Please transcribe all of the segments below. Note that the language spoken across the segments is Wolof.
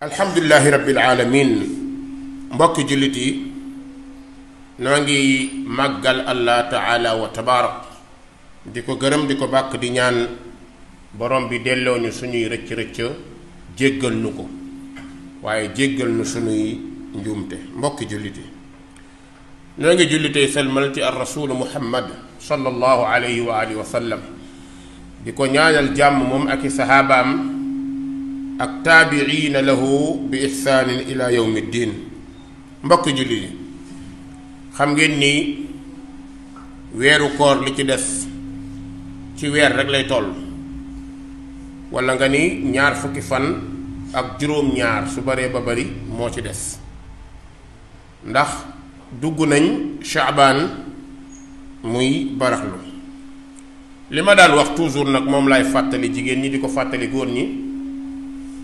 alhamdulilahi rabbil alamin mbokki jullit yi noo ngi màggal allah taala wa tabaarak di ko gërëm di ko bàkk di ñaan borom bi delloo ñu suñuy rëcc rëcc jéggal nu ko waaye jéggal nu suñuy njuumte mbokki jullit yi noo ngi jullitey selmal ci ar rasulu muhammad sallallahu alayhi wa alihi di ko ñaanal jàmm moom ak i saxaabaam ak taabiriina lahu bi ixsaanin ila yawmi mbokk julli yi xam ngeen ni weeru koor li ci des ci weer rekk lay toll wala nga ni ñaar fukki fan ak juróom-ñaar su baree ba bari moo ci des ndax dugg nañ shaabaan muy baraxlu li ma daan wax toujours nag moom laay fàttali jigéen ñi di ko fàttali góor ñi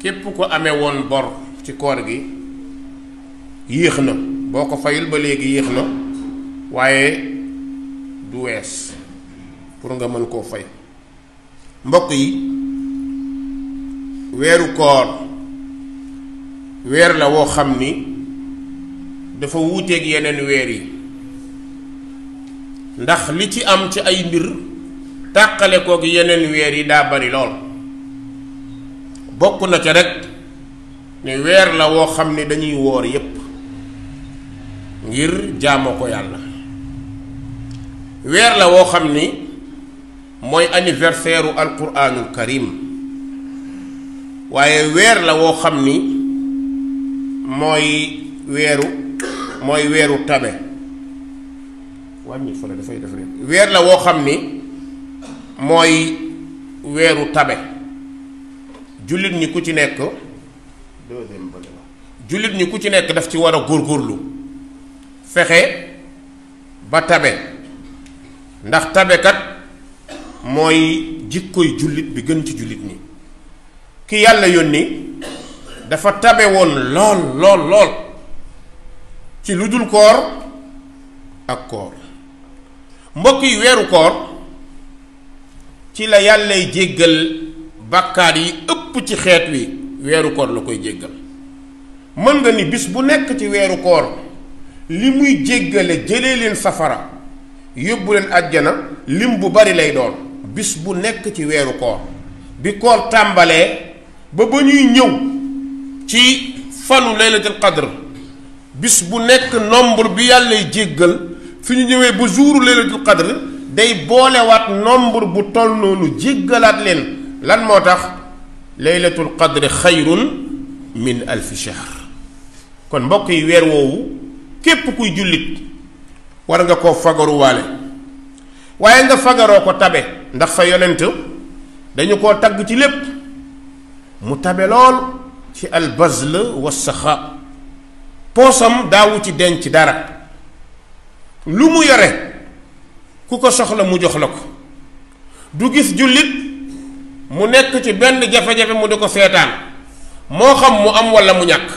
képp ko ame woon bor ci koor gi yéex na boo ko fayul ba léegi yéex na waaye du wees pour nga mën koo fay mbokk yi weeru koor weer la woo xam ni dafa wuuteeg yeneen weer yi ndax li ci am ci ay mbir tàqale koog yeneen weer yi daa bari lool bokk na ca rek ne weer la woo xam ne dañuy woor yépp ngir jaamoo ko yàlla weer la woo xam ni mooy anniversaire u alquraanul waaye weer la woo xam ni mooy weeru mooy weeru tabe wàññi dafay def weer la woo xam ni mooy weeru tabe jullit ñi ku ci nekk deuxième jullit ñi ku ci nekk daf ci war a góorgóorlu fexe ba tabe ndax tabekat mooy jikkoy jullit bi gën ci jullit ñi ki yàlla yónni dafa tabe woon lool lool lool ci lu dul koor ak koor mbokk yi weeru koor ci la yàllay jéggal bàkkaar yi ëpp ci xeet wi weeru koor la koy jéggal mën nga ni bis bu nekk ci weeru koor li muy jéggale jëlee leen safara yóbbu leen àjjana lim bu bari lay doon bis bu nekk ci weeru koor bi koor tàmbalee ba ba ñuy ñëw ci fanu laylatul qadr bis bu nekk nombre bi yàllay jéggal fi ñu ñëwee ba jouru laylatul qadr day boolewaat nombre bu toll noonu jéggalaat leen lan moo tax laylatul qadri xayrun min alfi kon mbokk yi weer woowu képp kuy jullit war nga koo fagaruwaale waaye nga fagaroo ko tabe ndax sa yonent dañu koo tagg ci lépp mu tabe lool ci albazl wa saxa poosam daawu ci denc dara lu mu yore ku ko soxla mu jox la ko du gis jullit mu nekk ci benn jafe-jafe mu di ko seetaan moo xam mu am wala mu ñàkk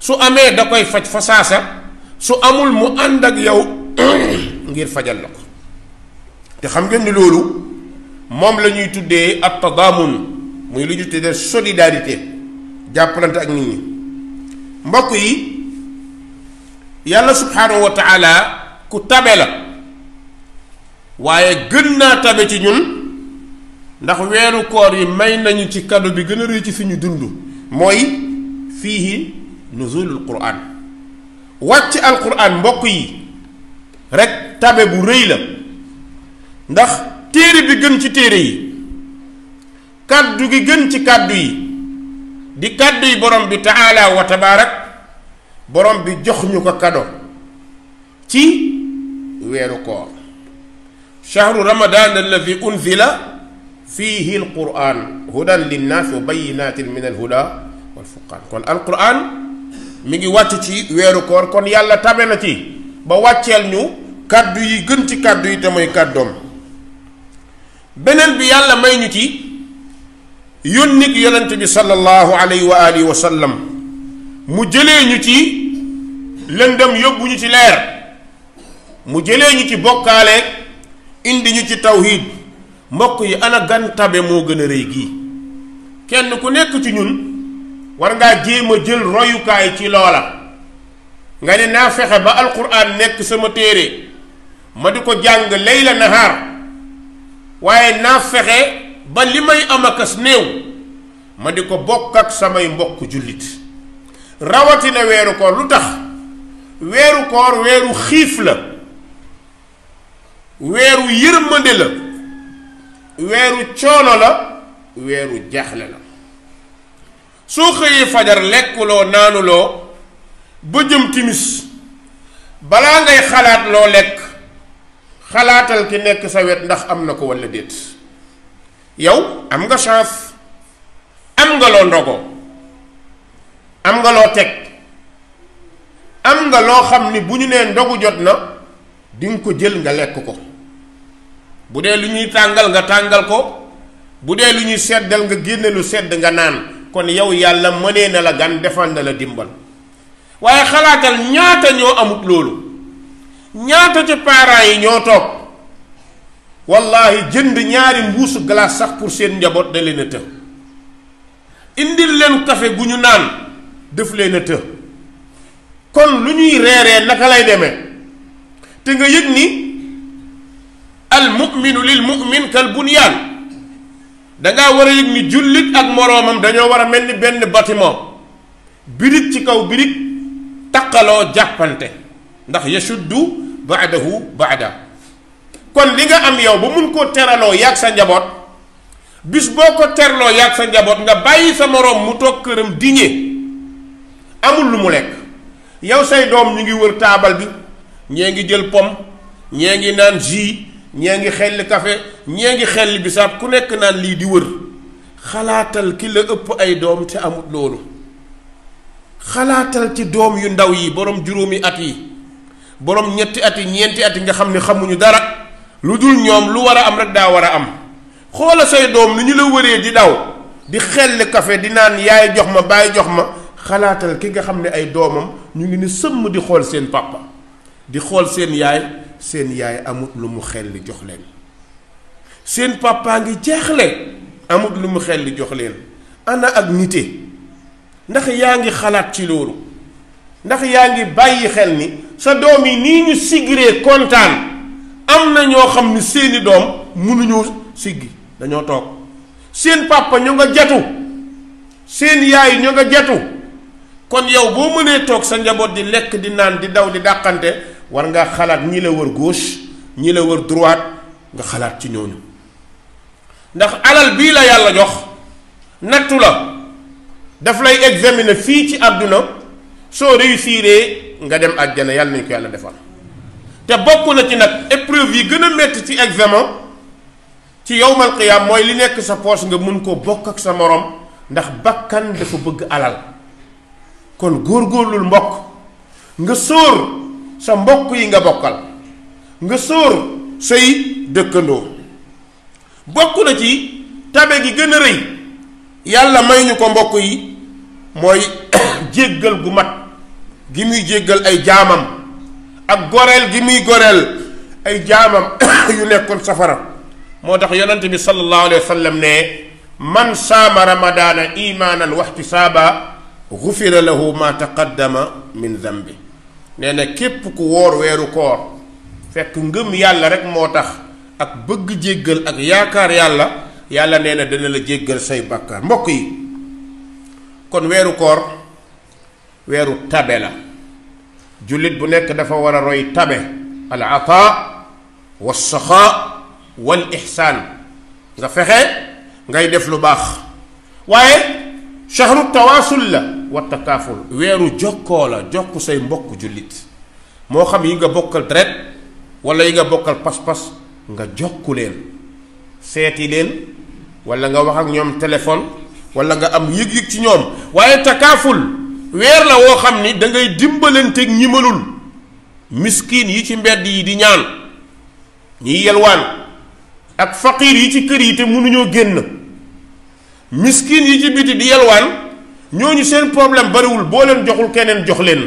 su amee da koy faj fasaasa su amul mu ànd ak yow ngir fajal la ko te xam ngeen ni loolu moom la ñuy tuddee at tadaamun muy lu ñu tuddee solidarité jàppalante ak nit ñi mbokk yi yàlla subhaanahu wa ku tabe la waaye gën naa tabe ci ñun ndax weeru koor yi may nañu ci cadeau bi gën a rëy ci suñu dund mooy fiihi nuzulul quraan wàcc alquraan mbokk yi rekk tabe bu rëy la ndax téere bi gën ci téere yi kàddu gi gën ci kàddu yi di kàddu yi borom bi taala wa tabaarak borom bi jox ñu ko cadeau ci weeru koor shahru ramadan alladi unzila fiihi alquran hudan linnaas wa bayinatin min alhuda wal furqaan kon alquran mi ngi wàcc ci weeru koor kon yàlla tabe na ci ba wàcceel ñu kàddu yi gën ci kàddu yi te mooy kàddoom beneen bi yàlla may ñu ci yónnik yonent bi sallallahu alayhi wa alihi wa sallam mu jëlee ñu ci lëndëm yóbbu ñu ci leer mu jëlee ñu ci bokkaale indi ñu ci tawhid mbokk yi ana gan tabe moo gën a rëy gii kenn ku nekk ci ñun war ngaa jéem a jël royukaay ci loola nga ne naa fexe ba alquran nekk sama téere ma di ko jàng layla nahaar waaye naa fexe ba li may am kas néew ma di ko bokk ak samay mbokk jullit rawatina weeru koor lu tax weeru koor weeru xiif la weeru yërmande la weeru coono la weeru jaaxle la soo xëyee fajar lekkuloo naanuloo ba jëm timis balaa ngay xalaat loo lekk xalaatal ki nekk sa wet ndax am na ko walla déet yow am nga chance am nga loo ndogoo am nga loo teg am nga loo xam ni bu ñu nee ndogu jot na di nga ko jël nga lekk ko bu dee lu ñuy tàngal nga tàngal ko bu dee lu ñuy seddal nga génne lu sedd nga naan kon yow yàlla mënee na la gan defal na la dimbal waaye xalaatal ñaata ñoo amut loolu ñaata ci parents yi ñoo toog wallahi jënd ñaari mbuusu glace sax pour seen njaboot da leen të indil leen kafe gu ñu naan def leen të kon lu ñuy reeree naka lay demee te nga yëg ni al muminu lil mumin kal bunyaan dangaa war a yëg ni jullit ak moroomam dañoo war a mel ni benn bâtiment birig ci kaw birig taqaloo jàppante ndax yashuddu baadahu baada kon li nga am yow ba mun koo teraloo yàgg sa njaboot bis boo ko terloo yàgg sa njaboot nga bàyyi sa moroom mu toog këram diñe amul lu mu lekk yow say doom ñu ngi wër taabal bi ñee ngi jël pom ñee ngi naan jus ñee ngi xelli kafe ñee ngi xelli bisaab ku nekk naan lii di wër xalaatal ki la ëpp ay doom te amut loolu xalaatal ci doom yu ndaw yi borom juróomi at yi borom ñetti at yi ñeenti at yi nga xam ne xamuñu dara lu dul ñoom lu war a am rek daa war a am xoola say doom nu ñu la wëree di daw di xelli kafe di naan yaay jox ma baay jox ma xalaatal ki nga xam ne ay doomam ñu ngi ni sëmm di xool seen papa di xool seen yaay seen yaay amut lu mu xel jox leen seen papa ngi jeexle amut lu mu xel li jox leen ana ak nite ndax yaa ngi xalaat ci loolu ndax yaa ngi bàyyi xel ni sa doom yi nii ñu kontaan am na ñoo xam ni seeni doom mënuñoo siggi dañoo toog seen papa ñu nga jatu seen yaay ñu nga jatu kon yow boo mënee toog sa njaboot di lekk di naan di daw di dàqante war ngaa xalaat ñi la wër gauche ñii la wër droite nga xalaat ci ñooñu ndax alal bii la yàlla jox nattu la daf lay examiner fii ci àdduna soo réussir nga dem ak àjjana yàlla nañ ko yàlla defal te bokk na ci nag épreuve yi gën a métti ci examen ci yowmal qiyaam mooy li nekk sa poche nga mun koo bokk ak sa moroom ndax bàkkan dafa bëgg alal kon góor góorlul mbokk nga sóor sa mbokk yi nga bokkal nga sóor say dëkkandoo bokk na ci tabe gi gën a rëy yàlla may ñu ko mbokk yi mooy jéggal gu mat gi muy jéggal ay jaamam ak goreel gi muy goreel ay jaamam yu nekkoon safara moo tax yonent bi sallallahu alayhi wa sallam ne man saama ramadaana imaanan waxtisaaba gufira lahu ma taqaddama min dambi nee na képp ku woor weeru koor fekk ngëm yàlla rek moo tax ak bëgg jéggal ak yaakaar yàlla yàlla nee na dana la jéggal say bàkkaar mbokk yi kon weeru koor weeru tabe la jullit bu nekk dafa war a roy tabe al ataa wa saxa wal ixsaan nga fexe ngay def lu baax waaye shahru tawaasul la wa takaaful weeru jokkoo la jokk say mbokk jullit moo xam yi nga bokkal deret walla yi nga bokkal pas-pas nga jokku leen seeti leen walla nga wax ak ñoom téléphone walla nga am yëg-yëg ci ñoom waaye takaaful weer la woo xam ni dangay ngay dimbalanteeg ñi mënul miskin yi ci mbedd yi di ñaan ñi yelwaan ak faqiir yi ci kër yi te mënuñoo génn miskin yi ci biti di yelwaan ñooñu seen problème bariwul boo leen joxul keneen jox leen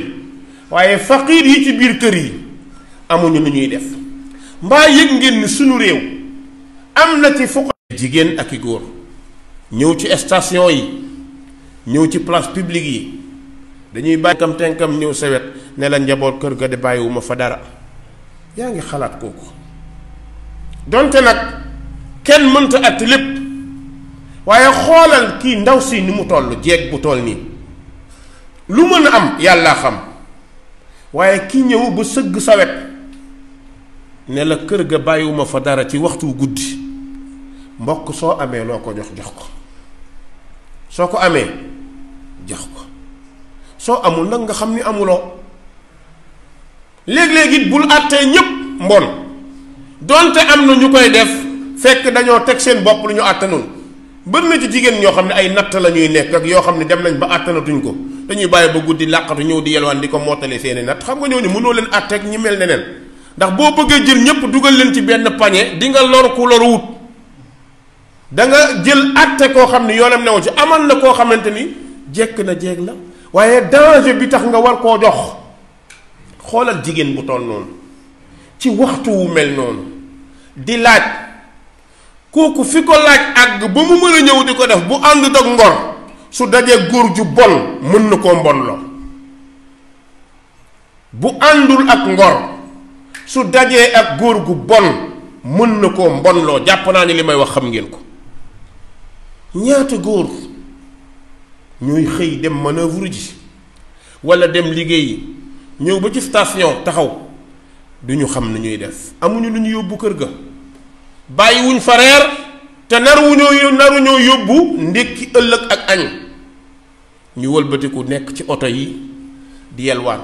waaye faqiir yi ci biir kër yi amuñu lu ñuy def mbaa yëg ngeen ni sunu réew am na ci fuqa jigéen ak i góor ñëw ci station yi ñëw ci place publique yi dañuy bàyyi kam tenkam ñëw sa wet ne la njaboot kër ga de bàyyiwuma fa dara yaa ngi xalaat kooku donte nag kenn mënta at lépp waaye xoolal kii ndaw si ni mu toll jeeg bu tool nii lu mën a am yàlla xam waaye ki ñëw bu sëgg sawet ne la kër ga bàyyiwuma fa dara ci waxtu guddi mbokk soo amee loo ko jox jox ko soo ko amee jox ko soo amul nag nga xam ni amuloo léeg-léeg it bul àttee ñépp mbon donte am na ñu koy def fekk dañoo teg seen bopp lu ñu àttanul bën na ci jigéen ñoo xam ne ay natt la ñuy nekk ak yoo xam ne dem nañ ba àttanatuñ ko dañuy bàyyi ba guddi làqatu ñëw di yelwaan di ko mottale seeni natt xam nga ñooñu mënoo leen àtte ak ñi mel ne neen ndax boo bëggee jël ñëpp dugal leen ci benn pañe di nga lor ku lor wut da nga jël àtte koo xam ne yoonam newu ci amal na koo xamante ni jekk na jeeg la waaye danger bi tax nga war koo jox xoolal jigéen bu toll noonu ci waxtu wu mel noonu di laaj kooku fi ko laaj àgg ba mu mën ñëw di ko def bu ànd ak ngor su dajee góor ju bon mën na koo mbon loo bu àndul ak ngor su dajee ak góor gu bon mën na koo mbon loo jàpp naa ni li may wax xam ngeen ko ñaata góor ñuy xëy dem manœuvre ji walla dem liggéeyi ñëw ba ci station taxaw du ñu xam ni ñuy def amuñu lu ñu yóbbu kër ga bàyyiwuñ fa reer te naruñoo naruñoo yóbbu ndékki ëllëg ak añ ñu walbatiku nekk ci oto yi di yelwaan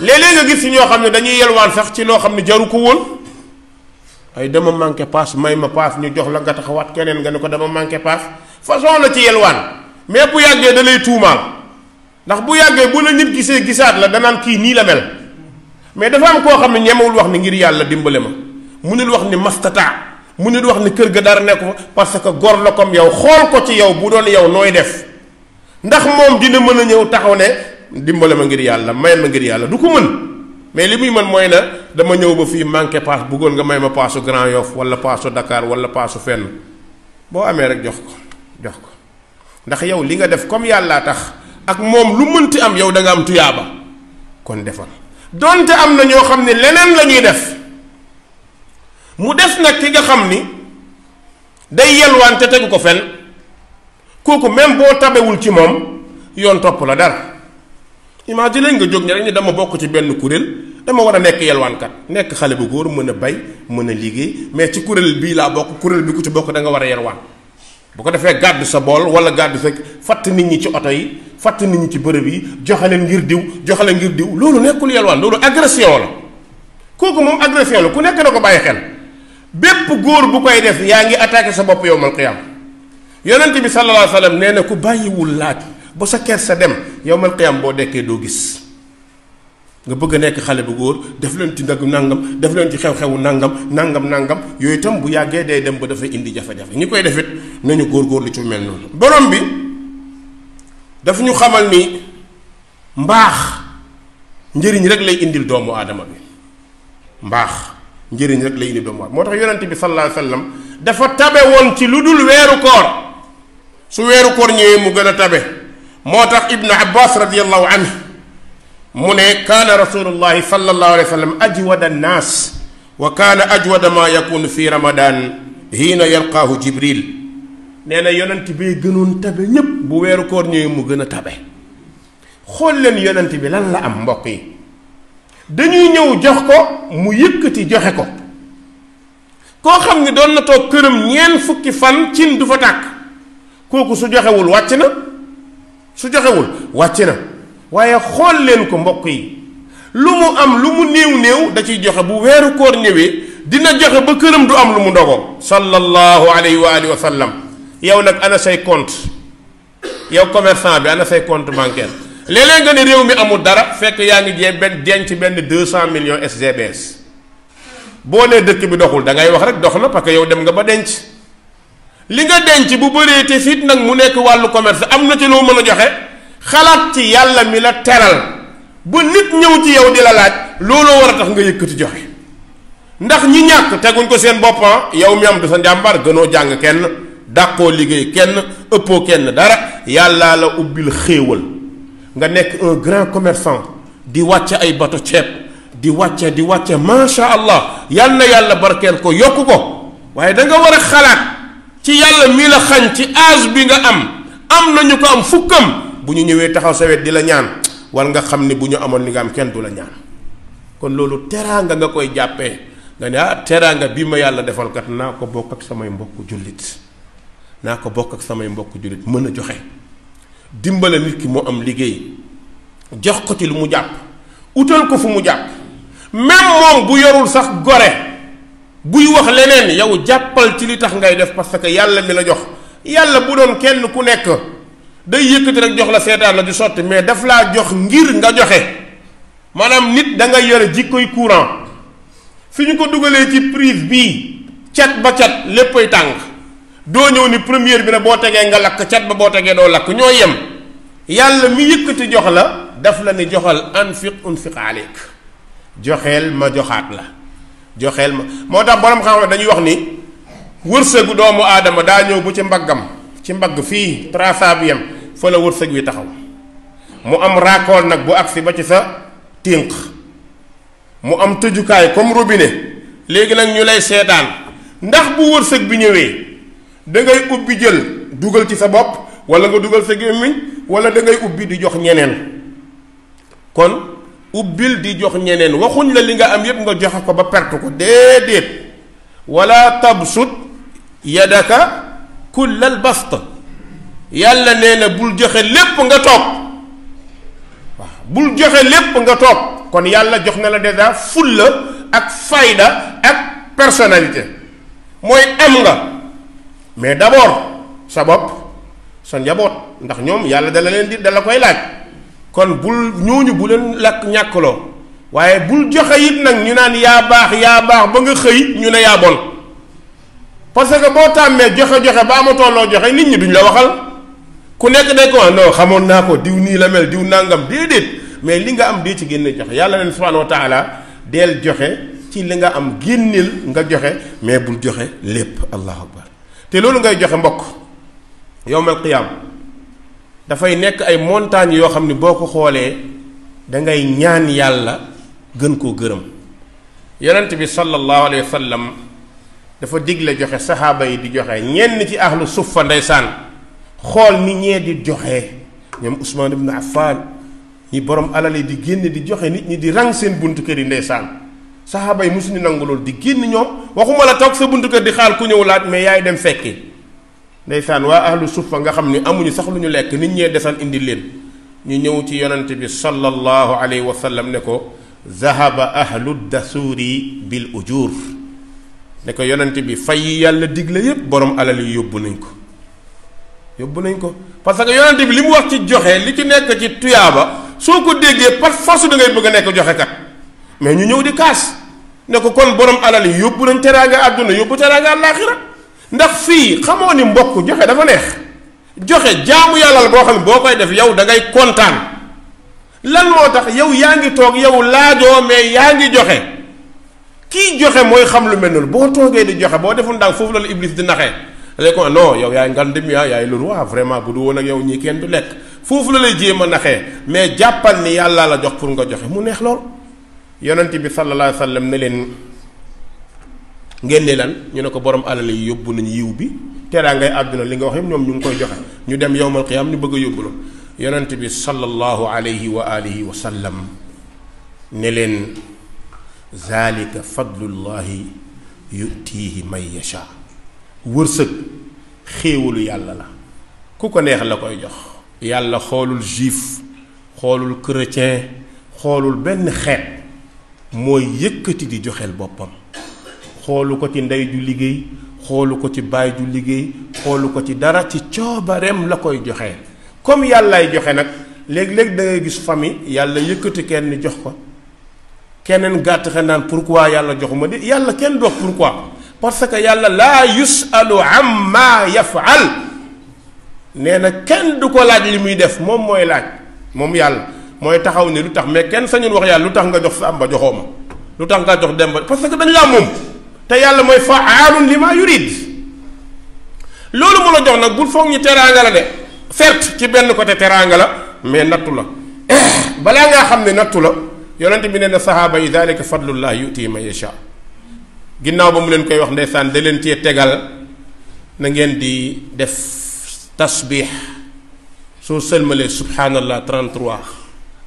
léeg-léeg nga gis ñoo xam ne dañuy yelwaan sax ci loo xam ne jaru ko woon ay dama manqué paas may ma paas ñu jox la nga taxawaat keneen nga ne ko dama manqué paas façon la ci yelwaan mais bu yàggee da lay tuumaal ndax bu yàggee bu la nit gisee gisaat la danaan kii nii la mel mais dafa am koo xam ne ñemewul wax ni ngir yàlla dimbale ma mënul wax ni mastata mënul wax ni kër ga dara nekk parce que gor la comme yow xool ko ci yow bu doon yow nooy def ndax moom dina mën a ñëw taxaw ne dimbale ma ngir yàlla may ma ngir yàlla du ko mën mais li muy mën mooy na dama ñëw ba fii manqué paas bëggoon nga may ma paasu Grand Yoff wala paasu Dakar wala paasu fenn boo amee rek jox ko jox ko ndax yow li nga def comme yàllaa tax ak moom lu mënti am yow da nga am tuyaaba kon defal donte am na ñoo xam ne leneen la ñuy def. mu des nag ki nga xam ni day yelwaan ca tegu ko fen kooku même boo tabewul ci moom yoon topp la dara imagine nga jóg ne rek ni dama bokk ci benn kuréel dama war a nekk yelwaankat nekk xale bu góor mën a bay mën a liggéey mais ci kuréel bii laa bokk kuréel bi ku ci bokk da nga war a yelwaan bu ko defee gàdd sa bool wala gàdd sa fatt nit ñi ci oto yi fatt nit ñi ci bërëb yi joxe leen ngir diw joxe leen ngir diw loolu nekkul yelwaan loolu agression la kooku moom agression la ku nekk na ko bàyyi xel bépp góor bu koy def yaa ngi attaqué sa bopp yowmal qiyaam yonent bi sallallahu alayhi wa sallam nee na ku bàyyiwul laaj ba sa ker sa dem yowmal qiyaam boo dekkee doo gis nga bëgg a nekk xale bu góor def leen ci ndagum nangam def leen ci xew-xewu nangam nangam nangam yooyu itam bu yàggee day dem ba dafay indi jafe-jafe ñi koy defit nañu góor-góor lu ci mel noonu borom bi dafa ñu xamal ni mbaax njëriñ rek lay indil doomu aadama bi mbaax njëriñ rek la indi doomu moo tax yonent bi sallallahu alayhi wa dafa tabe woon ci lu dul weeru koor su weeru koor ñëwee mu gën a tabe moo tax ibnu abbas radiallahu anhu mu ne kaana rasulullahi sallallahu alayhi wa sallam ajwada annaas wa kaana ajwada ma yakunu fi ramadan hiina yalqaahu jibril nee na yonent bi gënoon tabe ñépp bu weeru koor ñëwee mu gën a tabe xool leen yonent bi lan la am mbokk yi dañuy ñëw jox ko mu yëkkati joxe ko koo xam ni doon na toog këram ñeent fukki fan cin du fa tàkk kooku su joxewul wàcc na su joxewul wàcc na waaye xool leen ko mbokk yi lu mu am lu mu néew néew da ciy joxe bu weeru koor ñëwee dina joxe ba këram du am lu mu ndogoo sallallahu alayhi wa alihi wa sallam yow nag ana say compte yow commerçant bi ana say compte bancaire léeg-léeg nga ne réew mi amul dara fekk yaa ngi jee benn denc benn deux cent million SGBS boo nee dëkk bi doxul dangay wax rek dox na parce que yow dem nga ba denc li nga denc bu bëree te fit nag mu nekk wàllu commerce am na ci loo mën a joxe xalaat ci yàlla mi la teral ba nit ñëw ci yow di la laaj looloo war a tax nga yëkkati joxe ndax ñi ñàkk teguñ ko seen boppam ah, yow mi am du sa njàmbaar gënoo jàng kenn dàqoo liggéey kenn ëppoo kenn dara yàlla la ubbil xéewal nga nekk un grand commerçant di wàcce ay bato ceeb di wàcce di wàcce macha allah yal na yàlla barkeel ko yokk ko waaye danga nga war a xalaat ci yàlla mi xañ ci âge bi nga am am nañu ko am fukkam bu ñu ñëwee taxaw sa di la ñaan wal nga xam ne bu ñu amoon li nga am kenn du la ñaan kon loolu teraanga nga koy jàppe nga ne ah teraanga bi ma yàlla defal kat naa ko bokk ak samay mbokk jullit naa ko bokk ak samay mbokk jullit mën a joxe dimbale nit ki mu am liggéey jox ko ci lu mu jàpp wutal ko fu mu jàpp même moom bu yorul sax gore buy wax leneen yow jàppal ci li tax ngay def parce que yàlla mi la jox yàlla bu doon kenn ku nekk day yëkkati rek jox la seetaan la di sotti mais daf laa jox ngir nga joxe maanaam nit da nga yore jikkoy courant fi ñu ko dugalee ci prise bii cat ba cat léppay tàng doo ñëw ni première bi ne boo tegee nga lakk cat ba boo tegee doo lakk ñoo yem yàlla mi yëkkati jox la daf la ni joxal anfiq unfiq aleyk joxeel ma joxaat la joxeel ma moo tax borom xam-xam dañuy wax ni wërsëgu doomu aadama daa ñëw bu ci mbaggam ci mbagg fii traça bi yem fa la wërsëg wi taxaw mu am raakool nag bu agsi ba ci sa tinq mu am tëjukaay comme robine léegi nag ñu lay seetaan ndax bu wërsëg bi ñëwee dangay ngay ubbi jël dugal ci sa bopp wala nga dugal sa gémmiñ wala dangay ngay ubbi di jox ñeneen kon ubbil di jox ñeneen waxuñ la li nga am yépp nga joxe ko ba perte ko déedéet wala tabsut yadaka kullal bast yàlla nee na bul joxe lépp nga toog waaw bul joxe lépp nga toog kon yàlla jox na la déjà fulla ak fayda ak personnalité mooy am nga mais d'abord sa bopp sa njaboot ndax ñoom yàlla dala leen di dala koy laaj kon bul ñooñu bu leen lakk ñàkkloo waaye bul joxe it nag ñu naan yaa baax yaa baax ba nga xëy ñu ne yaa bon parce que boo tàmmee joxe-joxe ba amatoo loo joxe nit ñi duñ la waxal ku nekk day ko non xamoon naa ko diw nii la mel diw nangam déedéet mais li nga am dee ci génne joxe yàlla leen subhanahu wa taala deel joxe ci li nga am génneel nga joxe mais bul joxe lépp allahu te loolu ngay joxe mbokk yowmal qiyaam dafay nekk ay montagnes yoo xam ne boo ko xoolee dangay ñaan yàlla gën koo gërëm yonent bi sallallahu alayhi wa sallam dafa digle joxe saxaaba yi di joxe ñenn ci ahlu suffa ndeysaan xool ni ñee di joxe ñoom Ousmane ibn Affan ñi borom alal yi di génn di joxe nit ñi di rang seen buntu kër yi ndeysaan saxaaba yi mosuñu nangu loolu di génn ñoom waxuma la toog sa buntu kër di xaal ku ñëw laaj mais yaay dem fekki ndeysaan waa ahlu suffa nga xam ni amuñu sax lu ñu lekk nit ñee desal indi leen ñu ñëw ci yonante bi sallallahu alayhi wa sallam ne ko zahaba ahlu dasuuri bil ujur ne ko yonante bi fay yi yàlla digle borom alal yi yóbbu nañ ko yóbbu nañ ko parce que yonante bi li mu wax ci joxe li ci nekk ci tuyaaba soo ko déggee par force da ngay bëgg nekk joxe kat mais ñu ñëw di kaas ne ko kon borom alal yi yóbbu nañ teraanga àdduna yóbbu teraanga àllaaxira ndax fii xamoo ni mbokk joxe dafa neex joxe jaamu yàlla boo xam ne boo koy def yow da kontaan lan moo tax yow yaa ngi toog yow laajoo mais yaa ngi joxe kii joxe xam lu mel noonu boo toogee di joxe boo deful ndànk foofu la la iblis di naxee léegi ko non yow yaay ngandem yaa yaay loolu waa vraiment bu du woon ak yow ñii kenn du lekk foofu la lay jéem a naxee mais jàppal ni yàlla la jox pour nga joxe mu neex lool. yonent bi sallallahu alayhi wa sallam ne leen ngeen ne lan ñu ne ko borom alal yi yóbbu nañ yiw bi teraa ngay àdduna li nga wax yëpp ñoom ñu ngi koy joxe ñu dem yowmal qiyaam ñu bëgg a yóbbulu yonent bi sallallahu alayhi wa alihi wa sallam ne leen zalika fadlullahi yutiihi man yasha wërsëg xéewalu yàlla la ku ko neex la koy jox yàlla xoolul juif xoolul chrétien xoolul benn xeet mooy yëkkati di joxeel boppam xoolu ko ci ndey ju liggéey xoolu ko ci baay ju liggéey xoolu ko ci dara ci coobareem la koy joxe comme yàllaay joxe nag léeg-léeg dangay gis famille yàlla yëkkati kenn jox ko keneen gàtt xel pour pourquoi yàlla joxuma de yàlla kenn dox pourquoi parce que yàlla laa yusalu amma yafal nee na kenn du ko laaj li muy def moom mooy laaj moom yàlla mooy taxaw ne lu tax mais kenn sañun wax yàlla lu tax nga jox Sàmba joxoo ma lu tax nga jox Demba parce que dañ laa moom te yàlla mooy fa'aalun limaa yurid loolu mu la jox nag bul foog ñu teraanga la de certes ci benn côté teraanga la mais nattu la eh, balaa ngaa xam ne nattu la yonent bi nee na sahaaba yi dalika fadlullah yutii man yasha ginnaaw ba mu leen koy wax ndeysaan da leen cee tegal na ngeen di def tasbix soo sëlmalee subhaanallah 33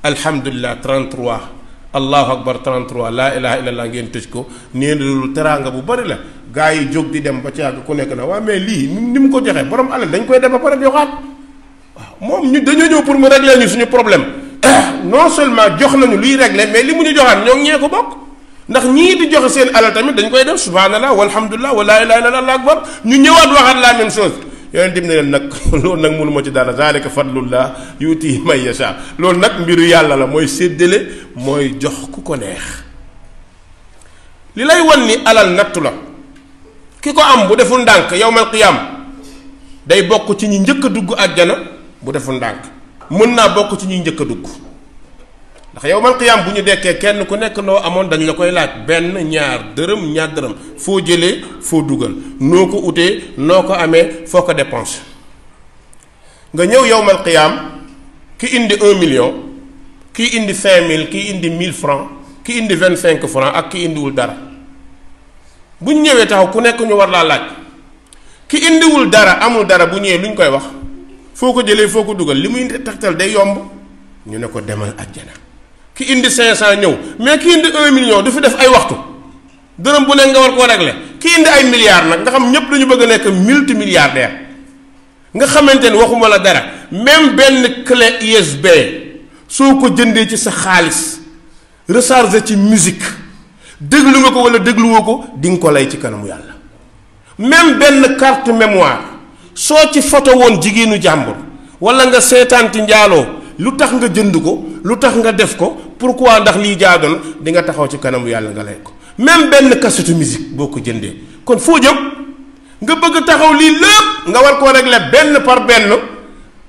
alhamdulilah 33 allahu akbar 33 laa ilaha illallah ngeen tëj ko nee na loolu teraanga bu bari la gaa yi jóg di dem ba ci àgg ku nekk na waa mais lii ni mu ko joxee borom alal dañ koy def ba pare joxaat waaw moom ñu dañoo ñëw pour mu régler ñu suñu problème non seulement jox nañu luy régler mais li mu ñu joxaat ñoom ñee ko bokk ndax ñii di joxe seen alal tamit dañ koy def subhanallah walhamdulillah wa laa ilaha illallah allahu ñu ñëwaat waxaat la même chose yonente bi ne leen nag loolu nag ci mënu ma ci dara zalika fadlullah yuuti may yasha loolu nag mbiru yàlla la mooy séddale mooy jox ku ko neex li lay wan ni alal nattu la ki ko am bu deful ndànk yow yowmal am day bokk ci ñi njëkk a dugg àjjana bu deful ndànk mën naa bokk ci ñi njëkk a dugg ndax yow man qiyaam bu ñu dekkee kenn ku nekk noo amoon dañu la koy laaj benn ñaar dërëm ñaar dërëm foo jëlee foo dugal noo ko utee noo ko amee foo ko dépense nga ñëw yow mal qiyaam ki indi un million ki indi cinq mille ki indi mille francs ki indi vingt cinq francs ak ki indiwul dara bu ñu ñëwee taxaw ku nekk ñu war laa laaj ki indiwul dara amul dara bu ñëwee lu ñu koy wax foo ko jëlee foo ko dugal li muy tegtal day yomb ñu ne ko demal àjjana ki indi 500 ñëw mais ki indi 1 million du fi def ay waxtu dërëm bu nekk nga war koo régler ki indi ay milliards nag nga xam ñëpp dañu bëgg a nekk multimilliardaire nga xamante ni waxuma la dara même benn clé USB soo ko jëndee ci sa xaalis rechargé ci musique déglu nga ko wala dégluwoo ko di nga ko lay ci kanamu yàlla même benn carte mémoire soo ci photo woon jigéenu jàmbur wala nga seetaan ci njaaloo lu tax nga jënd ko lu tax nga def ko pour quoi ndax lii jaadoon di nga taxaw ci kanamu yàlla nga lay ko même benn kasetu musique boo ko jëndee kon foo jëm nga bëgg taxaw lii lépp nga war koo la benn par benn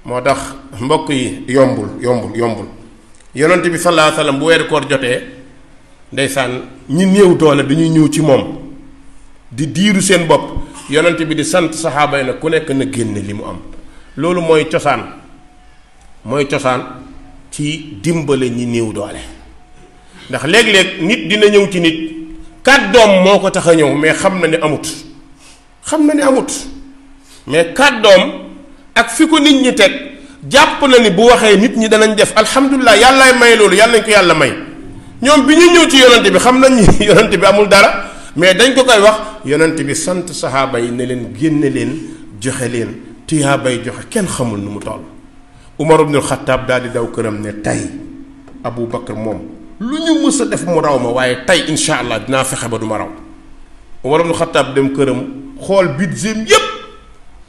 moo tax mbokk yi yombul yombul yombul yonent bi sallallahu bu weeru koor jotee ndeysaan ñi néew doole dañuy ñëw ci moom di diiru seen bopp yonent bi di sant saxaaba yi nag ku nekk na génne li mu am loolu mooy cosaan mooy cosaan ci dimbale ñi néew doole ndax léeg-léeg nit dina ñëw ci nit doom moo ko tax a ñëw mais xam na ni amut xam na ni amut mais doom ak fi ko nit ñi teg jàpp na ni bu waxee nit ñi danañ def alhamdulilah yàllaay may loolu yàlla nañ ko yàlla may ñoom bi ñu ñëw ci yonante bi xam nañ ni yonante bi amul dara mais dañ ko koy wax yonante bi sant saxaaba yi ne leen génne leen joxe leen tuyaabay joxe kenn xamul nu mu toll. Umar ibnul Xattaab daal di daw këram ne tey Abu Bakr moom lu ñu mës def mu raw ma waaye tey incha allah dinaa fexe ba du ma raw Umar ibnul Xattaab dem këram xool budget yépp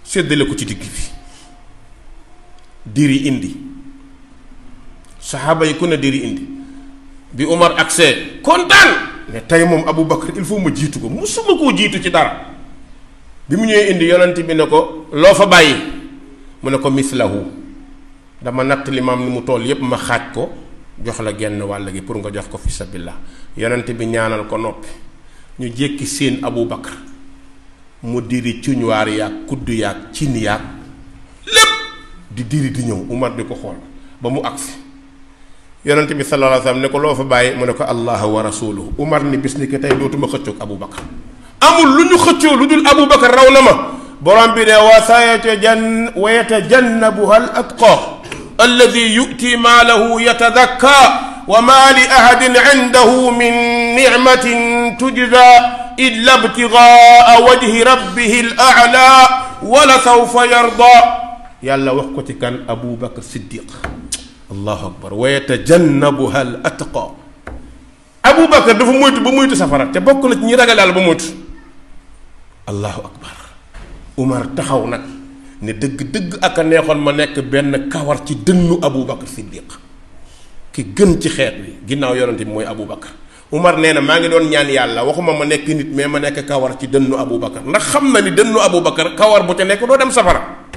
seddale ko ci digg bi diri indi saxaaba yi ku ne diri indi bi Umar agsee kontaan ne tey moom Abu Bakr il faut ma jiitu ko musuma koo jiitu ci dara bi mu ñëwee indi yonent bi ne ko loo fa bàyyi mu ne ko mislahu dama natt li ni mu tool yépp ma xaaj ko jox la genn wàll gi pour nga jox ko fi sabilillah yonent bi ñaanal ko noppi ñu jékki seen Abu Bakar mu diri cuñwaar yaag kudd yaag cin yaag lépp di diri di ñëw Umar di ko xool ba mu agsi yonent bi sallallahu alayhi wasallam ne ko loo fa bàyyi mu ne ko allah wa rasuluhu Umar ni bis ni tey dootuma xëccoog Abu Bakar amul lu ñu xëccoo lu dul Abu Bakar raw na ma borom bi ne wa sayatajannabuha al atqa alladi yu'ti maalahu yatadakka wa ma li ahadin indahu min nicmatin tujza illa btigaa wajhi rabbihi l ala wala sawfa yarda yàlla wax ko ci kan abu bakar siddiq allahu akbar wa yatajannabuha al atqa abu bakar dafa moytu ba moytu safara te bokk na ci ñi ragal yàlla ba moytu allahu akbar umar taxaw nag ne dëgg-dëgg ak a neexoon ma nekk benn kawar ci dënnu Aboubacar Siddiq ki gën ci xeet wi ginnaaw yonent bi mooy Aboubacar Umar nee na maa ngi doon ñaan yàlla waxuma ma nekk nit mais ma nekk kawar ci dënnu Aboubacar ndax xam na ni dënnu Aboubacar kawar bu ca nekk doo dem safara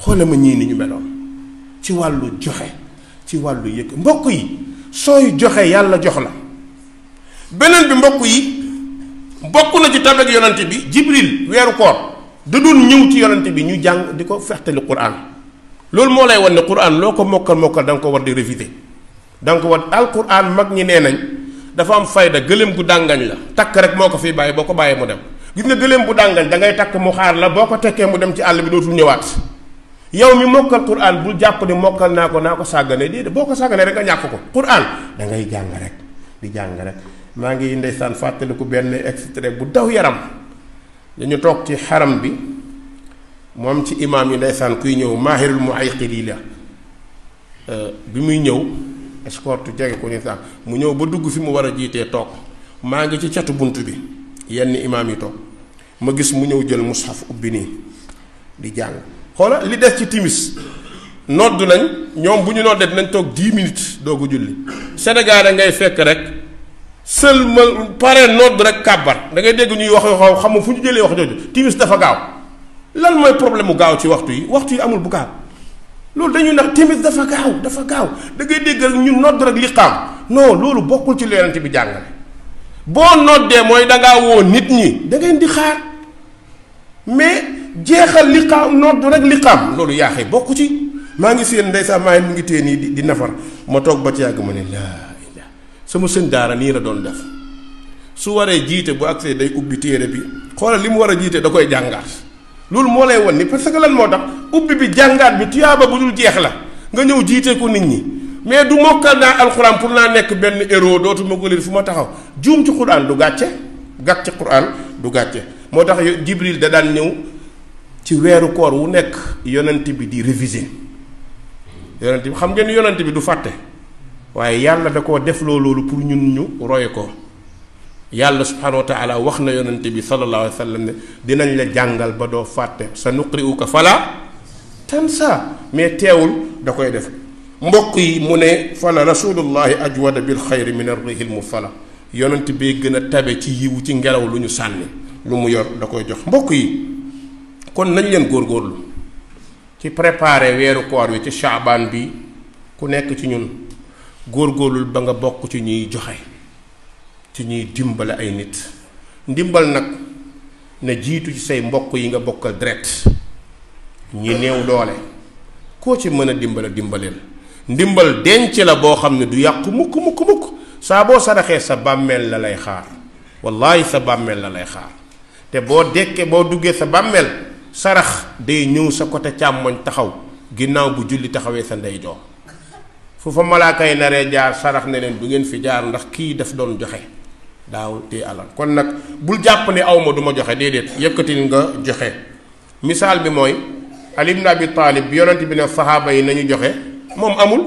xoola ma ñii ni ñu meloon ci wàllu joxe ci wàllu yëg mbokk yi sooy joxe yàlla jox la beneen bi mbokk yi mbokk na ci tabeg yonent bi Jibril weeru koor da doon ñëw ci yonante bi ñu jàng di ko fextali quran loolu moo lay wan ne quran loo ko mokkal mokkal da nga ko war di réviser da nga ko war al quran mag ñi nee nañ dafa am fayda gëléem gu dàngañ la takk rek moo ko fiy bàyyi boo ko bàyyee mu dem gis nga gëléem bu dàngañ da ngay takk mu xaar la boo ko tekkee mu dem ci àll bi dootul ñëwaat yow mi mokkal quran bul jàpp ne mokkal naa ko naa ko sàggane déedéet boo ko sàgganee rek nga ñàkk ko quran da ngay jàng di jàng maa ngi ndeysaan fàttaliku benn extrait bu daw yaram dañu toog ci xaram bi moom ci imaam yi ndeysaan kuy ñëw maahirul mu ay xili la bi muy ñëw escorte jege ko ni sax mu ñëw ba dugg fi mu war a jiitee toog maa ngi ci catu bunt bi yenn imaam yi toog ma gis mu ñëw jël mushaf ubbi nii di jàng xoola li des ci timis nodd lañ ñoom bu ñu noddee dinañ toog 10 minutes doogu julli Sénégal a ngay fekk rek sëlmal pare nodd rek kàbbat da ngay dégg ñuy wax yoo xam nga fu ñu jëlee wax jooju timis dafa gaaw lan mooy problème mu gaaw ci waxtu yi waxtu yi amul bu gaaw loolu dañuy nax timis dafa gaaw dafa gaaw da ngay dégg rek ñu nodd rek liqaam non loolu bokkul ci leerante bi jàngale boo noddee mooy dangaa woo nit ñi da ngeen di xaar mais jeexal liqaam nodd rek liqaam loolu yaa xëy bokku ci maa ngi seen saa maa yi mu ngi téye nii di di nafar ma toog ba ci yàgg ma ne laa su ma sëñ daara nii la doon def su waree jiite bu agsee day ubbi téere bi xoolal li mu war a jiite da koy jàngaat loolu moo lay won ni parce que lan moo tax ubbi bi jàngaat bi tuyaaba bu dul jeex la nga ñëw jiite ko nit ñi mais du mokkal naa alxuraan pour naa nekk benn héros dootuma ko leen fu ma taxaw juum ci xuraan du gàcce gàcc ci xuraan du gàcce moo tax jibril da daan ñëw ci weeru koor wu nekk yonent bi di réviser yonent bi xam ngeen yonent bi du fàtte waaye yàlla da koo defloo loolu pour ñun ñu roy ko yàlla subhanahu wa taala wax na yonante bi sallallahu alayhi wa dinañ la jàngal ba doo fàtte sa nuqri uka fala tansa mais teewul da koy def mbokk yi mu ne fala rasulullahi ajwada bil xayri min mu lmursala yonent bee gën a tabe ci yiwu ci ngelaw lu ñu sànni lu mu yor da koy jox mbokk yi kon nañ leen góorgóorlu ci préparer weeru koor wi ci shaabaan bi ku nekk ci ñun góorgóorlul ba nga bokk ci ñuy joxe ci ñuy dimbale ay nit ndimbal nag na jiitu ci say mbokk yi nga bokkal deret ñi néew loole koo ci mën a dimbale dimbaleel ndimbal denc la boo xam ne du yàqu mukk mukk mukk saa boo saraxee sa bàmmeel la lay xaar wallaay sa bàmmeel la lay xaar te boo dekkee boo duggee sa bàmmeel sarax day ñëw sa côté càmmoñ taxaw ginnaaw bu julli taxawee sa ndeyjoor fu fa malaaka yi naree jaar sarax neleen leen du ngeen fi jaar ndax kii daf doon joxe daaw te alal kon nag bul jàpp ne awma ma du ma joxe déedéet yëkkatil nga joxe misaal bi mooy Ali ibn Abi Taalib bi yonent bi ne saxaaba yi nañu joxe moom amul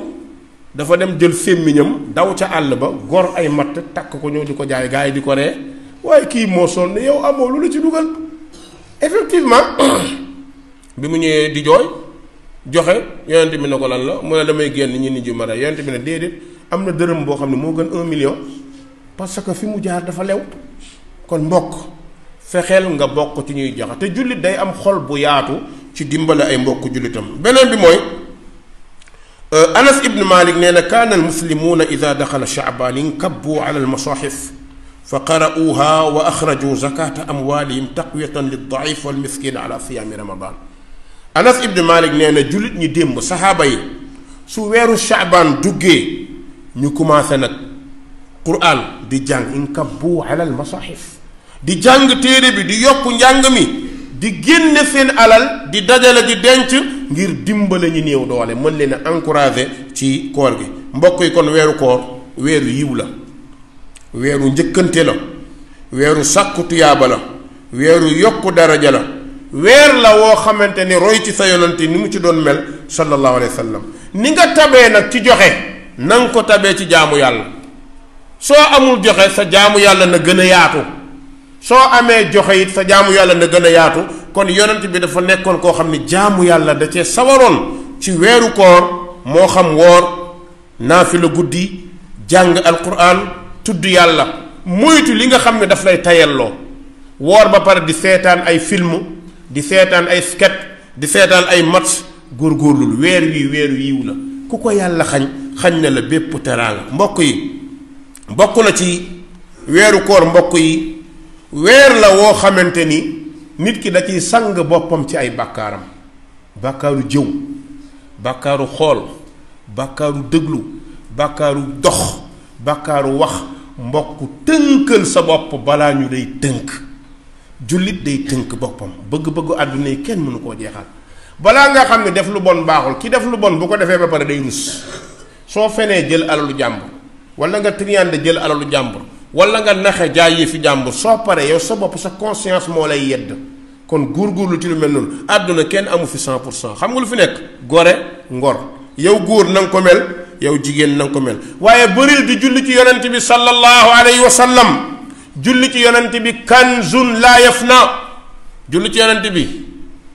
dafa dem jël sémmiñam daw ca àll ba gor ay matt takk ko ñëw di ko jaay gaa yi di ko ree waaye kii moo sonn yow amoo lu la ci dugal effectivement bi mu ñëwee di jooy joxe yonent bi ne ko lan la mu ne damay génn ñi nit ji ma rey yonent bi ne déedéet am na dërëm boo xam ne moo gën un million parce que fi mu jaar dafa lew kon mbokk fexeel nga bokk ci ñuy joxe te jullit day am xol bu yaatu ci dimbale ay mbokk jullitam beneen bi mooy euh, anas ibn malik nee na kaana almuslimuuna ida daxala chaabaan inkabbu ala almasaxif fa qara'uuha wa axraju zakata amwaalihim taqwiyatan lildaif walmiskin ala siyaami ramadan anas ibnu malik nee na jullit ñi démb saxaaba yi su weeru chaabaan duggee ñu commencé nag quran di jàng inkabbu alal masaxif di jàng téere bi di yokk njàng mi di génne seen alal di dajale di denc ngir dimbale ñu néew doole mën leen a encourager ci koor gi mbokk yi kon weeru koor weeru yiw la weeru njëkkante la weeru sàkku tuyaaba la weeru yokku daraja la weer la woo xamante ni roy ci sa yonante ni mu ci doon mel sallallahu alayhi wa sallam ni nga tabee nag ci joxe nanga ko tabee ci jaamu yàlla soo amul joxe sa jaamu yàlla na gën a yaatu soo amee joxe it sa jaamu yàlla na gën a yaatu kon yonent bi dafa nekkoon koo xam ne jaamu yàlla da cee sawaroon ci weeru koor moo xam woor la guddi jàng alquran tudd yàlla moytu li nga xam ne daf lay tayelloo woor ba pare di seetaan ay film di seetaan ay sket di seetaan ay match góorgóorlul weer wii weer yiw la ku ko yàlla xañ xañ na la bépp teraanga mbokk yi bokk na ci weeru koor mbokk yi weer la woo xamante ni nit ki da ciy sang boppam ci ay bàkkaaram bàkkaaru jëw bàkkaaru xool bàkkaaru dëglu bàkkaaru dox bàkkaaru wax mbokk tënkal sa bopp balaa ñu lay tënk jullit day tënk boppam bëgg-bëggu àdduna yi kenn mënu koo jeexal balaa nga xam ne def lu bon baaxul ki def lu bon bu ko defee ba pare day rus soo fenee jël alalu jàmbur wala nga triande jël alalu jàmbur wala nga naxe jaay fi jàmbur soo paree yow sa bopp sa conscience moo lay yedd kon góorgóorlu ci lu mel noonu àdduna kenn amu fi 100 pour cent xam nga lu fi nekk gore ngor yow góor na ko mel yow jigéen na ko mel waaye bëril di julli ci yonent bi sallallahu alayhi wa sallam julli ci yonent bi kanzun laa na julli ci yonent bi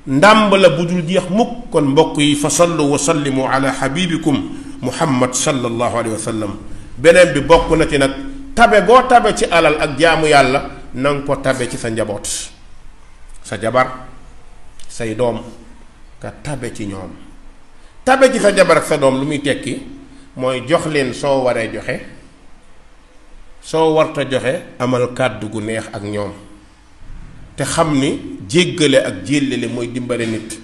ndàmb la bu dul jeex mukk kon mbokk yi fa sallu wa sallimu ala habibikum muhammad sallallahu alayhi wa sallam beneen bi bokk na ci nag tabe boo tabe ci alal ak jaamu yàlla na ko tabe ci sa njaboot sa jabar say doom nga tabe ci ñoom tabe ci sa jabar ak sa doom lu muy tekki mooy jox leen soo waree joxe soo warta joxe amal kàddu gu neex ak ñoom te xam ni jéggale ak jéllale mooy dimbale nit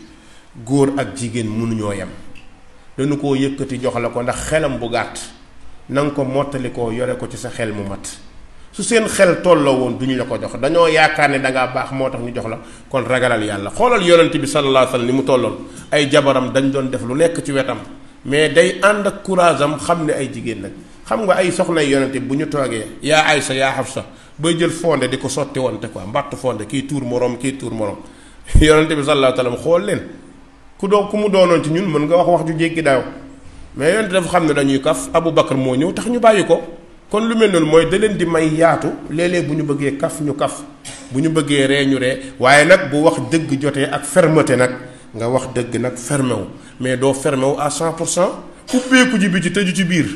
góor ak jigéen mënuñoo yem dañu ko yëkkati jox la ko ndax xelam bu gàtt na ko mottalikoo yore ko ci sa xel mu mat su seen xel tolloo woon duñu la ko jox dañoo yaakaar ne dangaa baax moo tax ñu jox la kon ragalal yàlla xoolal yonent bi sallallahu alayhi li mu tolloon ay jabaram dañu doon def lu nekk ci wetam mais day ànd ak courage am xam ne ay jigéen nag xam nga ay soxnay yonente bu ñu toogee yaa Aysa yaa sa bay jël fonde di ko sotti wante quoi mbàttu fonde kii tuur moroom kii tuur morom yonente bi sallallahu alayhi xool leen ku doo ku mu doonoon ci ñun mën nga wax wax ju jéggi daaw mais yonente dafa xam ne dañuy kaf Abu Bakar moo ñëw tax ñu bàyyi ko kon lu mel noonu mooy da leen di may yaatu léeg-léeg bu ñu bëggee kaf ñu kaf bu ñu bëggee ree ñu ree waaye nag bu wax dëgg jotee ak fermeté nag nga wax dëgg nag fermé mais doo fermé wu à 100 pour cent ubbeeku ji bi ci tëju ci biir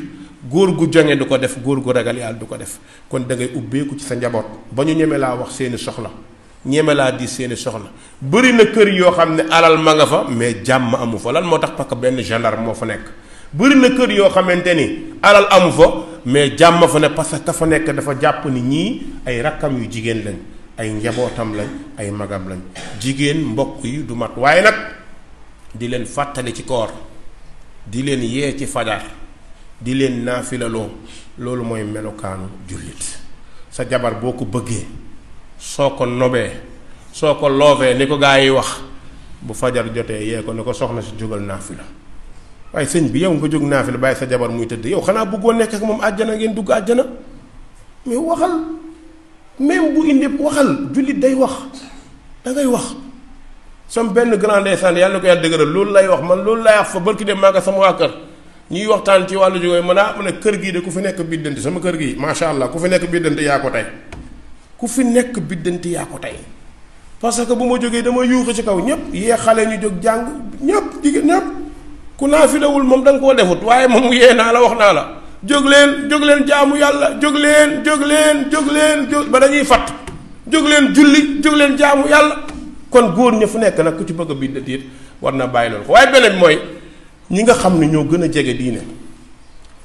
góor gu joŋe du ko def góor gu ragal yàlla du ko def kon da ngay ubbeeku ci sa njaboot ba ñu ñemee laa wax seeni soxla ñeme laa di seeni soxla bëri na kër yoo xam ne alal ma nga fa mais jàmm amu fa lan moo tax parce que benn gendarme moo fa nekk bëri na kër yoo xamante ni alal amu fa mais jàmm fa ne parce que ka fa nekk dafa jàpp ni ñii ay rakkam yu jigéen lañ ay njabootam lañ ay magam lañ jigéen mbokk yi du mat waaye nag di leen fàttali ci koor di leen yee ci fajar di leen naafilaloo loolu mooy melokaanu jullit sa jabar boo ko bëggee soo ko nobee soo ko loofee ni ko gaa yi wax bu fajar jotee yee ko ne ko soxna si jógal naafila waaye sëñ bi yow nga jóg naafila bàyyi sa jabar muy tëdd yow xanaa bëggoo nekk ak moom àjjana ngeen dugg àjjana mais waxal même bu indi waxal jullit day wax dangay wax sam benn grand ndeysaan yàlla ko yàlla dëgëral loolu lay wax man loolu lay wax fa barki dem maa nga sama waa kër ñuy waxtaan ci wàllu jógooy mën a mën a kër gii de ku fi nekk biddanti sama kër gii macha allah ku fi nekk biddanti yaa ko tey ku fi nekk biddanti yaa ko tey parce que bu ma jógee dama yuuxu ci kaw ñëpp yee xale ñu jóg jàng ñëpp jigéen ñëpp ku naa fi lawul moom da koo defut waaye moom mu yee naa la wax naa la jóg leen jóg leen jaamu yàlla jóg leen jóg leen jóg leen jóg ba dañuy fatt jóg leen julli jóg leen jaamu yàlla kon góor ña fu nekk nag ku ci bëgg a war na bàyyi ko waaye beneen mooy ñi nga xam ne ñoo gën a jege diine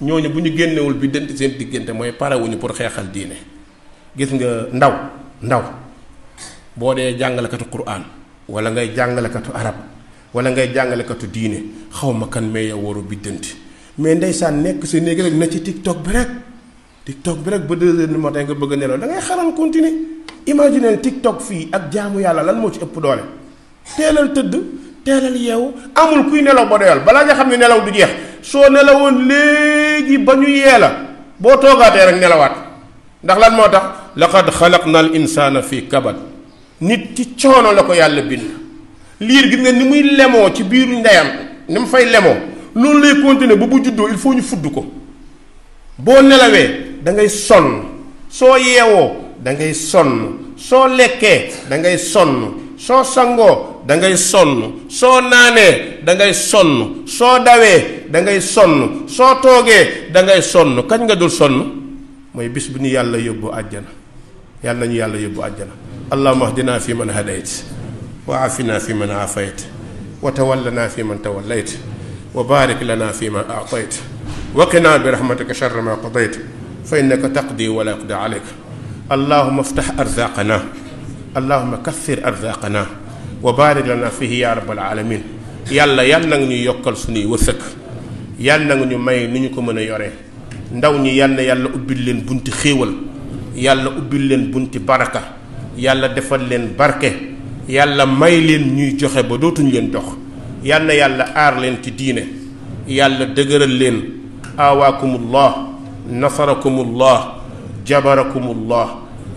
ñooñu bu ñu génnewul bi dent seen diggante mooy parewuñu pour xeexal diine gis nga ndaw ndaw boo dee jàngalekatu Qur'an wala ngay jàngalekatu arab wala ngay jàngalekatu diine xaw ma kan mais yow waru biddanti mais ndeysaan nekk si néeg rek na ci tiktok bi rek tiktok bi rek ba deux heures du matin nga bëgg a nelaw da ngay xaral continuer imagine tiktok fii ak jaamu yàlla lan moo ci ëpp doole teelal tëdd teelal yeewu amul kuy nelaw ba doyal balaa nga xam ne nelaw du jeex soo nelawoon léegi ba ñu yee la boo toogaatee rek nelawaat ndax lan moo tax laqad na al insaana fi kabad nit ci coono la ko yàlla bind liir gis nga ni muy lemoo ci biiru ndeyam ni mu fay lemoo loolu lay continuer ba bu juddoo il faut ñu fudd ko boo nelawee dangay ngay sonn soo yeewoo dangay ngay sonn soo lekkee dangay sonn soo sangoo da ngay sonn soo naanee da ngay sonn soo dawee dangay sonn soo toogee dangay ngay sonn kañ nga dul sonn mooy bis bu ñu yàlla yóbbu àjjana yàlla nañu yàlla yóbbu àjjana allahumma ahdina fi man hadayt wa afina fi man afayt wa tawallana fi wa barik fi ma atayt wa qina bi rahmatika sharra ma qadayt fa innaka taqdi wa la yuqda alayk allahumma iftah arzaqana allahumma wa baarik fii fihi ya rabbal alamin yàlla yal na nga ñuy yokkal suñuy wërsëg yal na nga ñu may nu ñu ko mën a yore ndaw ñi yal yàlla ubbil leen bunti xéewal yàlla ubbil leen bunti baraka yàlla defal leen barke yàlla may leen ñuy joxe ba dootuñu leen jox yal yàlla aar leen ci diine yàlla dëgëral leen aawaakumullah nasarakumullah jabarakumullah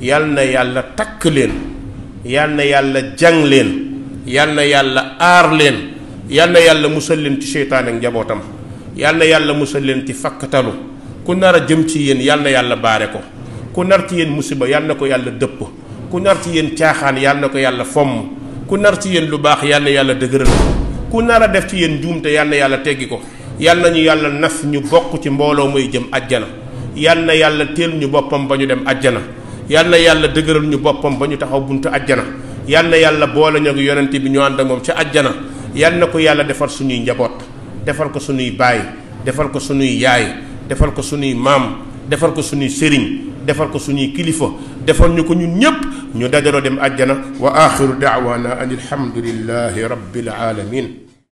yal na yàlla takk leen yal na yàlla jàng leen yal na yàlla aar leen yal na yàlla musal leen ci seytaan ak njabootam yal na yàlla musal leen ci fakkatalu ku nar a jëm ci yéen yal na yàlla baare ko ku nar ci yéen musiba yal na ko yàlla dëpp ku nar ci yéen caaxaan yal na ko yàlla fomm ku nar ci yéen lu baax yal na yàlla dëgëral ku nar a def ci yéen juumte yal na yàlla teggi ko yal na ñu yàlla naf ñu bokk ci mbooloo muy jëm ajjana yal na yàlla teel ñu boppam ba ñu dem ajjana yal na yàlla dëgëral ñu boppam ba ñu taxaw buntu ajjana yal na yàlla boole ñu ak yonent bi ñu ànd ak moom ca àjjana yal na ko yàlla defal suñuy njaboot defal ko suñuy baay defal ko suñuy yaay defal ko suñuy maam defal ko suñuy sëriñ defal ko suñuy kilifa defal ñu ko ñun ñépp ñu dajaloo dem àjjana wa axiru daawaana an alhamdulillahi rabbil alamin